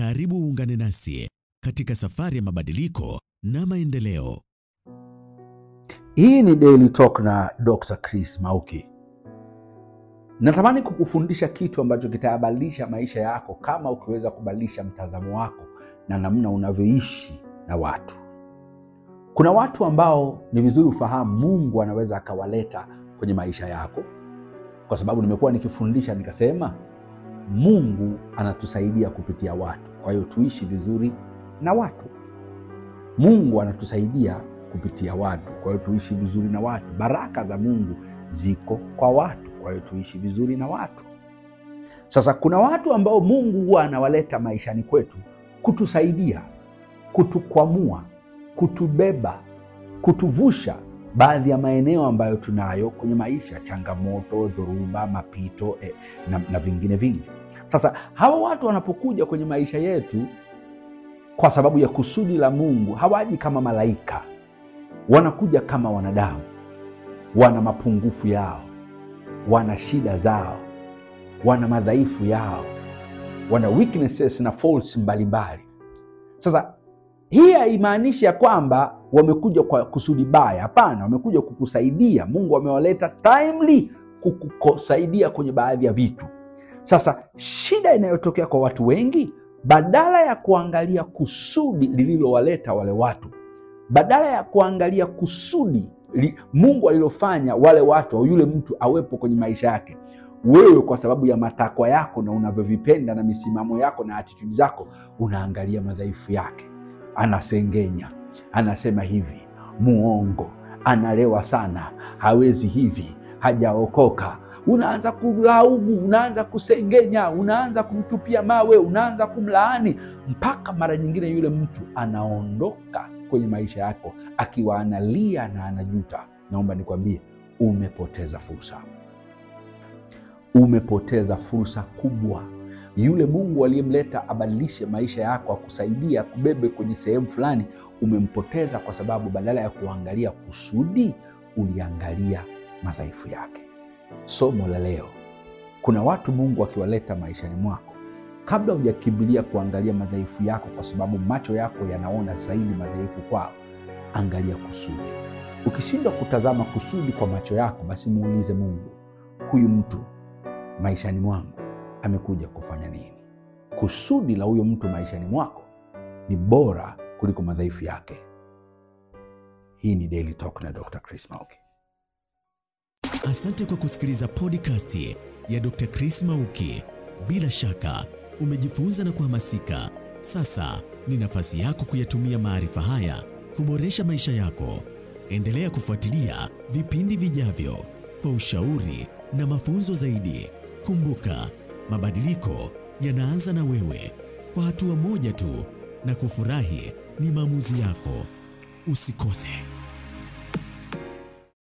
Karibu uungane nasi katika safari ya mabadiliko na maendeleo. Hii ni Daily Talk na Dr. Chris Mauki. Natamani kukufundisha kitu ambacho kitayabadilisha maisha yako kama ukiweza kubadilisha mtazamo wako na namna unavyoishi na watu. Kuna watu ambao ni vizuri ufahamu, Mungu anaweza akawaleta kwenye maisha yako, kwa sababu nimekuwa nikifundisha nikasema Mungu anatusaidia kupitia watu. Kwa hiyo tuishi vizuri na watu. Mungu anatusaidia kupitia watu, kwa hiyo tuishi vizuri na watu. Baraka za Mungu ziko kwa watu, kwa hiyo tuishi vizuri na watu. Sasa kuna watu ambao Mungu huwa anawaleta maishani kwetu kutusaidia, kutukwamua, kutubeba, kutuvusha baadhi ya maeneo ambayo tunayo kwenye maisha, changamoto, dhoruba, mapito eh, na, na vingine vingi. Sasa hawa watu wanapokuja kwenye maisha yetu kwa sababu ya kusudi la Mungu, hawaji kama malaika, wanakuja kama wanadamu. Wana mapungufu yao, wana shida zao, wana madhaifu yao, wana weaknesses na faults mbalimbali. Sasa hii haimaanishi ya kwamba wamekuja kwa kusudi baya. Hapana, wamekuja kukusaidia. Mungu amewaleta timely kukusaidia kwenye baadhi ya vitu. Sasa shida inayotokea kwa watu wengi, badala ya kuangalia kusudi lililowaleta wale watu, badala ya kuangalia kusudi li, Mungu alilofanya wale watu au yule mtu awepo kwenye maisha yake, wewe kwa sababu ya matakwa yako na unavyovipenda na misimamo yako na atitudi zako, unaangalia madhaifu yake anasengenya, anasema hivi, muongo, analewa sana, hawezi hivi, hajaokoka. Unaanza kulaumu, unaanza kusengenya, unaanza kumtupia mawe, unaanza kumlaani, mpaka mara nyingine yule mtu anaondoka kwenye maisha yako akiwa analia na anajuta. Naomba nikwambie, umepoteza fursa, umepoteza fursa kubwa yule Mungu aliyemleta abadilishe maisha yako, akusaidia kubebe kwenye sehemu fulani, umempoteza kwa sababu badala ya kuangalia kusudi, uliangalia madhaifu yake. Somo la leo, kuna watu Mungu akiwaleta maishani mwako, kabla hujakimbilia kuangalia madhaifu yako, kwa sababu macho yako yanaona zaidi madhaifu kwao, angalia kusudi. Ukishindwa kutazama kusudi kwa macho yako, basi muulize Mungu, huyu mtu maishani mwangu amekuja kufanya nini. Kusudi la huyo mtu maishani mwako ni bora kuliko madhaifu yake. Hii ni Daily Talk na Dr. Chris Mauki. Asante kwa kusikiliza podcast ya Dr. Chris Mauki. Bila shaka umejifunza na kuhamasika. Sasa ni nafasi yako kuyatumia maarifa haya kuboresha maisha yako. Endelea kufuatilia vipindi vijavyo kwa ushauri na mafunzo zaidi. Kumbuka, Mabadiliko yanaanza na wewe kwa hatua moja tu, na kufurahi ni maamuzi yako. Usikose.